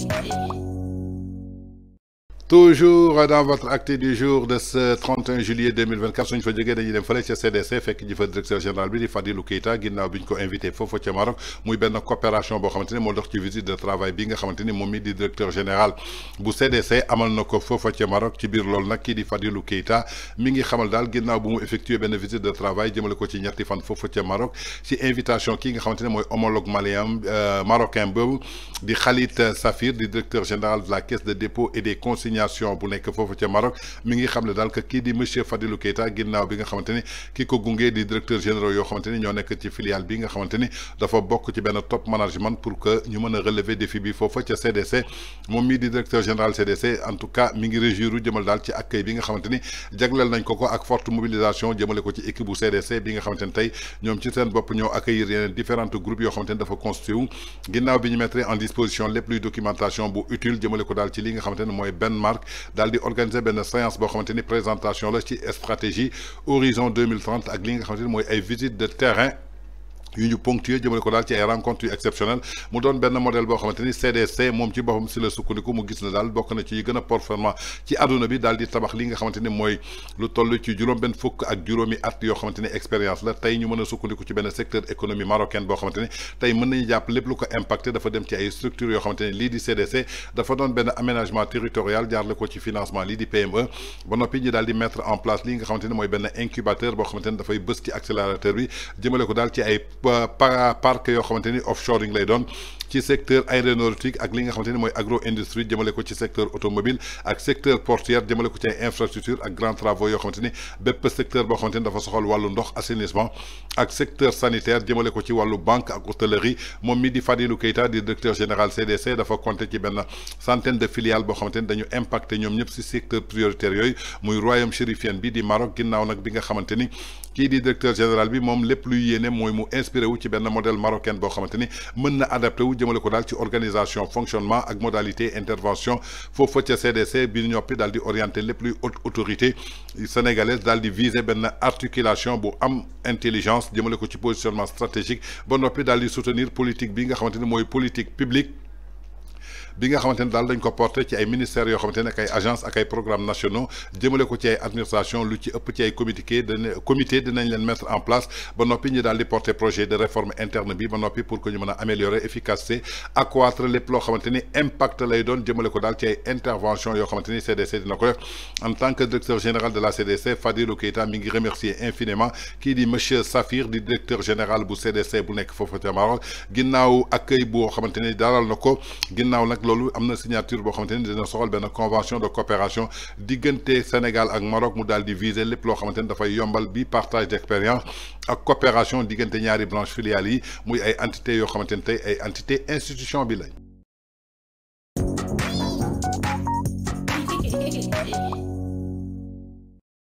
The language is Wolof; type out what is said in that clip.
Yeah. toujours dans votre acte du jour de ce 31 juillet 2024 suñu fa jógee dañuy dem CDC fekk ji fa directeur général bi di Fadilou Keita ginnaaw bi ko invité foofu ca Maroc muy benn coopération boo xamante ni moo dox ci visite de travail bi nga xamante ni di directeur général bu CDC amal na ko ca Maroc ci biir loolu nag kii di Fadilou Keita mi ngi xamal daal ginnaaw bu mu effectué visite de travail jëmale ko ci ñetti fan foofu ca Maroc ci invitation kii nga xamante ni mooy homologue malien euh, marocain boobu di Khalid Safir directeur général de la caisse de dépôt et des consignations désignation bu nekk foofu ca Maroc mi ngi xam qui dit di monsieur Fadilou Keita ginnaaw bi nga xamante ni di directeur général de xamante ni ñoo ci filiale bi nga xamante ni dafa bokk ci top management pour que nous menons relever défi bi faut ca CDC Mon mi di directeur général CDC en tout cas mi ngi réjouir jëmal daal ci accueil bi nga avec nañ forte mobilisation jëmale ko ci équipe bu CDC bi nga xamante ni tey ci seen bopp accueillir les différentes groupes yoo xamante ni dafa construire wu bi mettre en disposition plus plus documentation bu utile jëmale ko daal ci li nga xamante d'aller organiser une séance pour une présentation présentation la stratégie horizon 2030 à li nga visite de terrain yu ñu ponctué jëmale ko daal ci ay rencontres yu exceptionnelles mu doon benn modèle boo xamante ni CDC moom ci boppam si la sukkandiku mu gis na daal bokk na ci yi gën a performant ci àdduna bi daal di tabax li nga xamante ni mooy lu toll ci juróom-benn fukk ak juróomi at yoo xamante ni expérience la tey ñu a sukkandiku ci benn secteur économie marocaine boo xamante ni tey mën nañu jàpp lépp lu ko impacté dafa dem ci ay structures yoo lii di CDC dafa doon benn aménagement territorial ko ci financement lii di e. noppi ñu daal en place li nga xamante mooy benn incubateur boo xamante ni dafay bës ci accélérateur bi jëmale ko daal ci ay para parc yoo xamante ni offshoring lay doon ci secteur aéronautique ak li nga xamanteni moy agro industrie jëmele ko ci secteur automobile ak secteur portuaire jëmele ko ci infrastructure ak grands travaux yo xamanteni ni secteur bo xamanteni dafa soxal walu ndox assainissement ak secteur sanitaire jëmele ko ci walu banque ak hôtellerie mom mi di Fadilou Keita di directeur général CDC dafa compté ci ben centaine de filiales bo xamanteni dañu impacté ñom ñëpp ci secteur prioritaire yoy muy royaume chérifien bi di Maroc ginnaaw nak bi nga xamanteni ki di directeur général bi mom lepp luy yéné moy mu inspiré wu ci ben modèle marocain bo xamanteni ni na adapté wu jëmale ko dal ci organisation fonctionnement ak modalité intervention faire des CDC bi ñu ñoppi dal di orienter les sénégalaises. hautes autorités sénégalaises dal di viser ben articulation bu am intelligence jëmale ko positionnement stratégique ba noppi di soutenir politique bi nga xamanteni politique publique bi nga xamante ne dañ ko porté ci ay ministères yo xamantene agences ak ay programmes nationaux des ko ci ay administration lu ci ëpp ci ay comité comité dinañ leen mettre en place ba nopi ñi daal di porté projet de réforme interne bi ba nopi pour que ñu mëna améliorer efficacité accroître lépp loo xamantene impact lay doon jëmale ko dal ci ay intervention yo xamantene ni CDC dina ko en tant que directeur général de la CDC Fadilou Keita mi ngi remercier infiniment qui dit monsieur Safir di directeur général bu CDC bu nek foofu ca Maroc ginnaaw accueil boo xamante ni dalal na ko loolu amna signature bo xamanteni dina soxal ben convention de coopération diggante Sénégal ak Maroc mu daldi les viser lepp lo xamanteni da fay yombal bi partage d'expérience ak coopération diggante ñaari branches filiales yi muy ay entité yo xamanteni tay ay entité institution bi lañ